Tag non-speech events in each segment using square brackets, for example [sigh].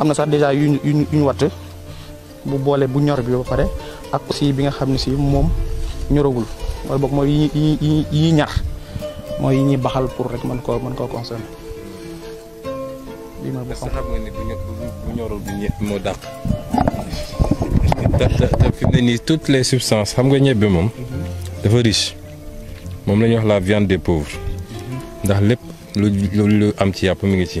amna sax déjà une une une ñu watt bu boole bu ñor bi ba paré ak aussi bi nga xamni ci mom ñorawul ñoragul bok boog yi yi ñuy ñax mooy yi ñi baxal pour rek man ko man ko concerne bii mooy bu xam nga ni bu ñorul bi ñëpp moo dàq. te te fi mu ne nii toutes les substances xam nga ñebbe mom dafa riche mom la ñuy wax la viande des pauvres. ndax lepp lu lu am ci yàpp mi ngi ci.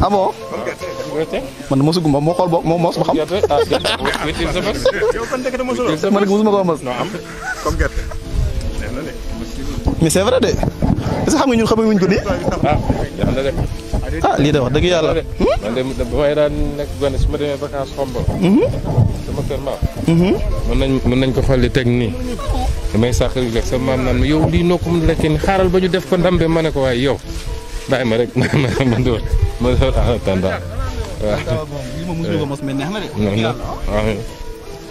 ah bon. man mosuguma moo xool moom mos ba xam. man nag mosuma koo mos. mais c'est vrai de. est-ce que xam nga ñun xamuñu wuñ ko nii. ah lii de wax dëgg yàlla. man de ba may daan su ma demee vacances xombal. sama kër maam. mën nañ mën nañ ko xolli teg nii. damay sàq rek sama maam naan yow lii noo ko mën xaaral ba ñu def ko ndambe ma ne ko waaye yow. bàyyi ma rek [laughs] ma ma ma dóor ma dóor en attendant waaw. waaw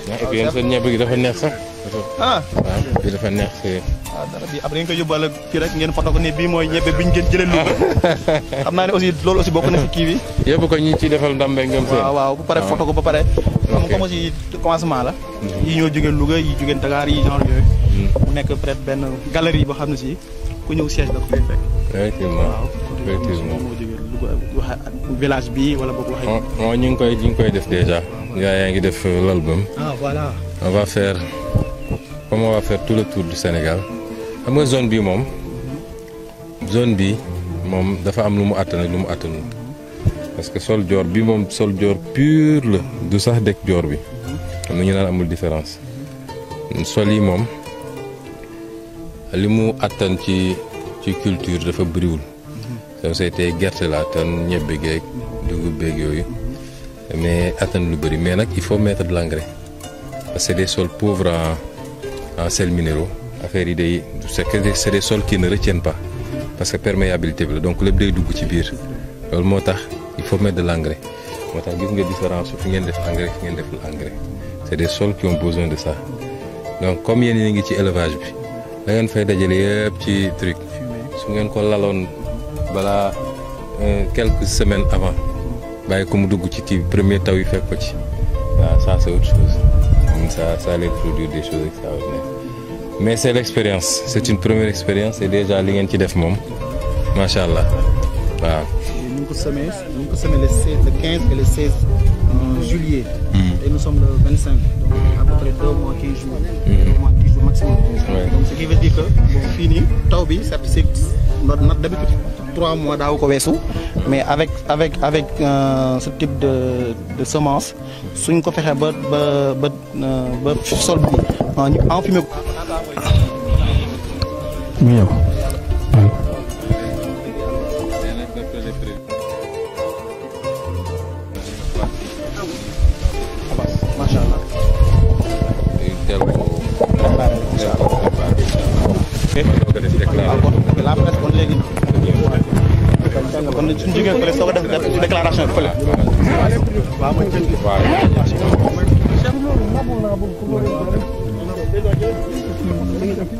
et puis yéen seen ñebe gi dafa neex sax. ah waaw bi dafa neex si. waaw ah, dara bi après ngeen koy yóbbaale fii rek ngeen foto ko ne bii mooy ñebe bi ñu gën jëlee ah. xam naa ne aussi loolu aussi bokk na kii bi. yóbbu ko ñi ci defal ndam beeg ngeen waaw waaw bu pare ah. ko ba pare. ok comme aussi commencement la. Mm-hmm. yi ñoo jógee Louga yi jógee Dakar yi genre mm. mu nekk peut-être benn galerie boo xam ne si ku ñëw siège la ko fay fekk. effectivement village bi wala boog waxee. non oh, oh, ñu ngi koy ñu koy def déjà. gars yaa def euh, l'album. ah voilà. on va faire comment on va faire tout le tour du Sénégal Am zone bi mom. zone bi mom dafa am lumu atane lumu atane. parce que sol dior, bi mom sol dior pur la du sax dëkk joor bi am ñu nane amul différence sol yi mom li mu àttan ci ci culture dafa brûle donc c'était gerte laa tonne ñebbe geeg dugub beeg yoyu mais atane lu bari mais nak il faut mettre de l'engrais parce que des sols pauvres en en minéraux affaire idée day c'est que c'est des sols qui ne retiennent pas parce que perméabilité donc le day dugg ci biir loolu motax il faut mettre de l'engrais motax tax gis nga différence su fi ngeen def engrais fi ngeen def l'engrais c'est des sols qui ont besoin de ça donc comme yéen a ngi ci élevage bi da ngeen fay dajale yépp ci truc su ngeen ko lalone voilà, euh, quelques semaines avant Comme comme mu premier temps, il fait ko ça c'est autre chose ça ça allait produire des choses extraordinaires mais c'est l'expérience c'est une première expérience et déjà ce ngeen ci def moom macha Nous sommes le 15 et le 16 juillet. Hmm. et nous sommes le 25 donc à peu près 2 mois 15 jours. Hmm. mois jours maximum. donc ce qui veut dire que bon fini. c'est trois mois daaw ko weesu mais avec avec avec euh, ce type de de semence suñ ko fexe ba ba ba euh, ba sol bi ñu enfumé waaw kon la presse kon léegi. kon suñu jógee fële soo ko def déclaration fële.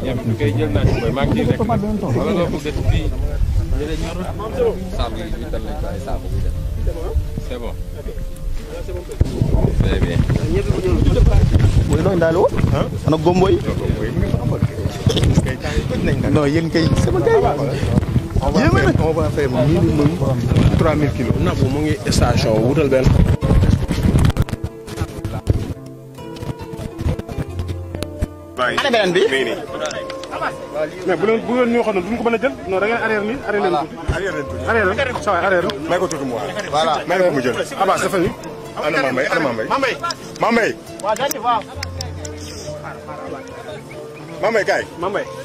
yam ñu koy jël naa ci mooy maa ngi ciy nekk wala loo bëgg def fii ñu ne ñor saabu yi ñu dal lañ ko ay saabu bi def c'est bon très bien mooy looy ndaale woon ana gomboy non yéen kay sama kay. yéeme na on va faire minimum 3000 kilos. Nabou mu ngi station wutal benn. ana beneen bi. mais bu leen bu leen ñu waxoon duñ ko mën a jël non da ngeen arrière nii arrière leen tuuti. arrière leen tuuti arrière leen saa waay arrière leen. may ko tuuti mu waay. voilà may ko mu jël. Abbas ah dafa ni. ana Mame Mbaye ana Mame Mbaye. Mame Mbaye. Mame Mbaye kaay. Mame Mbaye.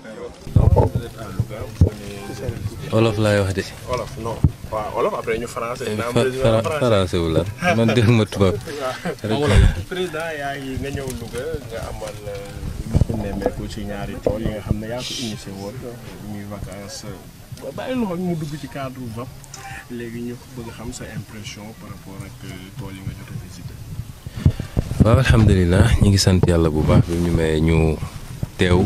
olof laay wax de. olof non waaw olof après ñu français. wu la [laughs] man dégg ma tubaab. président yaa euh, ci ñaari tool yi nga xam ne yaa ko initié woon muy dugg ci cadre VAP léegi ñu xam sa impression par rapport ak euh, tool yi alhamdulilah ñu ngi sant yàlla bu baax bi ñu may ñu teew.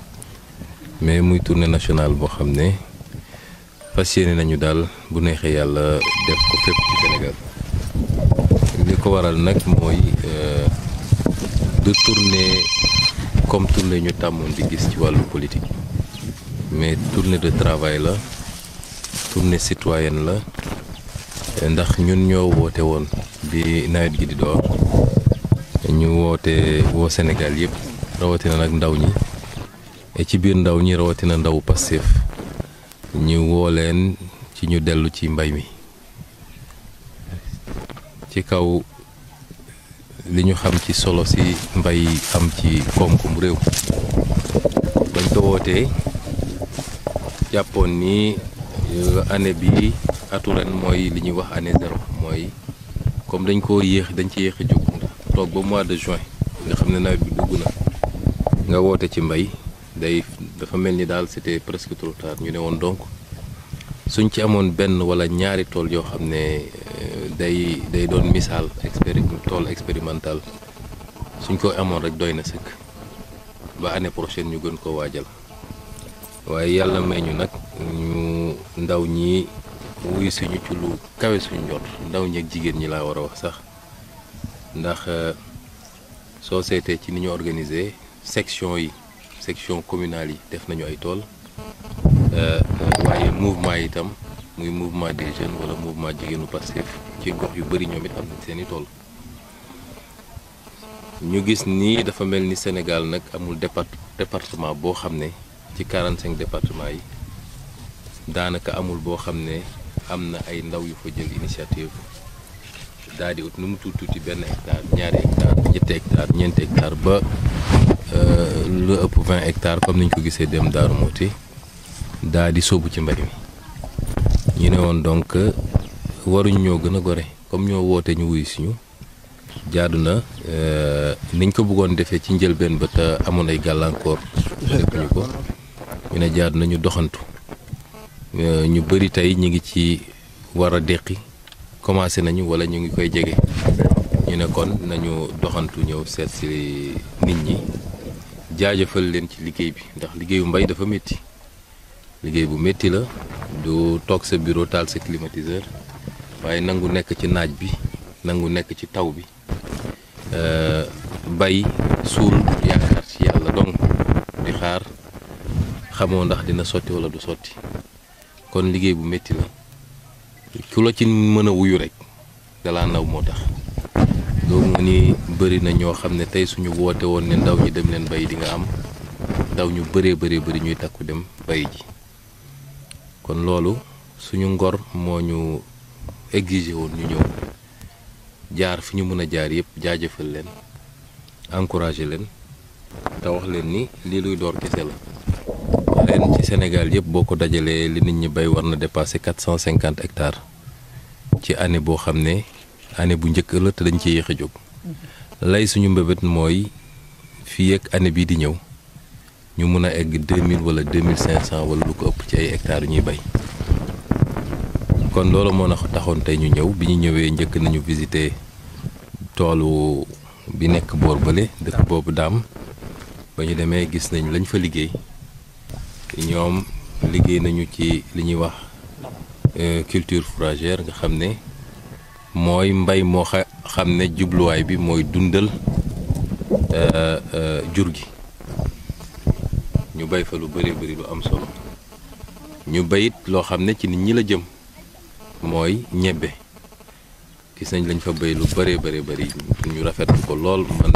mais muy tournée nationale bo xamné ne nañu dal bu neexee yalla def ko fépp ci Sénégal li ko waral nak moy euh de tournée comme tournée ñu tamon di gis ci walu politique mais tournée de travail la tournée citoyenne la ndax ñun ñoo woté won bi nawet gi di door ñu woté wo Sénégal yépp rawatina nak ndaw ñi E ci biir ndaw ñi rawatina ndaw Pastef ñu woo leen ci ñu dellu ci mbay mi ci kaw li ñu xam ci solo si mbay am ci koom-koom réew bañ ko wootee jàppoon ni euh, année bi atu ren mooy li ñuy wax année zéro mooy comme dañ ko yéex dañ ci yéex a jóg toog ba mois de juin nga xam ne nawet bi dugg na nga woote ci mbay day dafa mel ni daal c'était presque trop tard ñu ne woon donc suñ ci amoon benn wala ñaari tool yoo xam ne euh, day day doon misaal expéri tool expérimental suñ ko amoon rek doy na sëkk ba année prochaine ñu gën ko waajal waaye yàlla may ñu nag ñu ndaw ñi wuyu suñu ci lu kawe suñu jot ndaw ñi jigéen ñi laa war a wax sax ndax euh, soo seetee ci ni ñu organiser section yi section communale yi def nañu ay tool euh, waaye mouvement yi itam muy mouvement des jeunes wala mouvement jigéenu Pastef ci gox yu bëri ñoom it am nañ seen tool ñu gis nii dafa mel ni Sénégal nag amul départ département boo xam ne ci cinq département yi daanaka amul boo xam ne am na ay ndaw yu fa jël initiative daal di ut nu mu tuuti tuuti benn hectare ñaari hectare ñetti ñeenti hectare ba. Euh, lu ëpp vingt hectares comme ni ñu ko gisee dem Daaru moote daa di sóobu ci mbay mi ñu ne woon donc waruñ ñoo gën a gore comme ñoo woote ñu wuyu si ñu jaadu na euh, niñ ko bëggoon defee ci njëlbeen ba amoon ay gàllankoor ko ñu ne jaadu na doxantu euh, ñu bëri tey ñu ngi ci war déqi commencé nañu wala ñu ngi koy jege ñu ne kon nañu doxantu ñëw seet si nit ñi jaajëfal leen ci liggéey bi ndax liggéeyu mbay dafa métti liggéey bu métti la du toog sa bureau taal sa climatiseur waaye nangu nekk ci naaj bi nangu nekk ci taw bi euh, bay suul yaakaar ci yàlla dong di xaar xamoo ndax dina sotti wala du sotti kon liggéey bu métti la ku la ci mën a wuyu rek dalaa naw moo tax doomu ni beuri na ño xamne tay suñu wote won ne ndaw ñi dem len bay di nga am ndaw ñu beure beure beuri ñuy takku dem bay ji kon lolu suñu ngor moo ñu exiger won ñu ñew jaar fi ñu mëna jaar yépp jaajeufal len encourager len da wax len ni li luy door kessel Len ci Sénégal yépp boko dajalé li nit ñi bay war na dépasser 450 hectares ci année bo xamné année bu njëkk la te dañ ci yéex a jóg lay suñu mbébét mooy fii ak année bii di ñëw ñu mun a egg deux mille wala deux cinq cent wala lu ko ëpp ci ay hectares yu ñuy bay kon loolu moo na taxoon tey ñu ñëw bi ñu ñëwee njëkk nañu visiter toolu bi nekk boor bële dëkk boobu daam ba ñu demee gis nañ lañ fa liggéey ñoom liggéey nañu ci li ñuy wax euh, culture fourragère nga xam ne mooy mbay moo xam ne jubluwaay bi mooy dundal euh, euh, jur gi ñu bay fa lu bëree bëri lu am solo ñu bayit loo xam ne ci nit ñi la jëm mooy ñebbe gis nañ lañ fa bay lu bëree bëree bëri ñu rafetlu ko lool man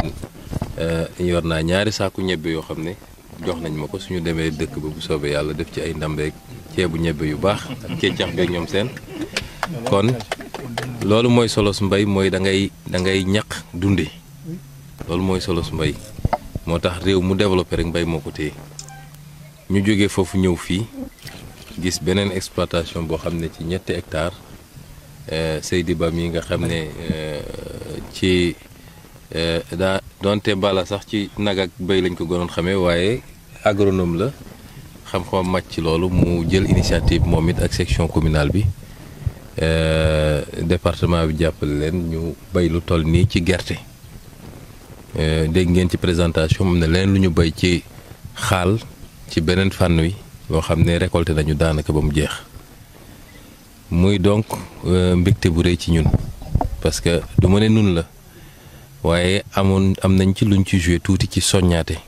euh, yor naa ñaari saaku ñebbe yoo xam ne jox nañ ma ko su ñu demee dëkk ba bu soobee yàlla def ci ay ndambeeg ceebu ñebbe yu baax ak kecax beeg ñoom seen kon loolu mooy solos mbay mooy da ngay da ngay ñaq dunde loolu mooy solos mbay moo tax réew mu développé rek mbay moo ko téye ñu jógee foofu ñëw fii gis beneen exploitation boo xam ne ci ñetti hectare euh, Seydi Ba mi nga xam ne euh, ci euh, daa donte bala sax ci nag ak bay lañ ko gënoon xamee waaye agronome la xam-xamam màcc ci loolu mu jël initiative moom it ak section communale bi Euh, département bi jàppale leen ñu bay lu toll nii ci gerte euh, dégg ngeen ci présentation am na leen lu ñu bay ci xaal ci beneen fànn wi loo xam ne récolté nañu daanaka ba mu jeex muy donc euh, mbégte bu rëy ci ñun parce que du ma ne nun la waaye amoon am nañ ci luñ ci joué tuuti ci soññaate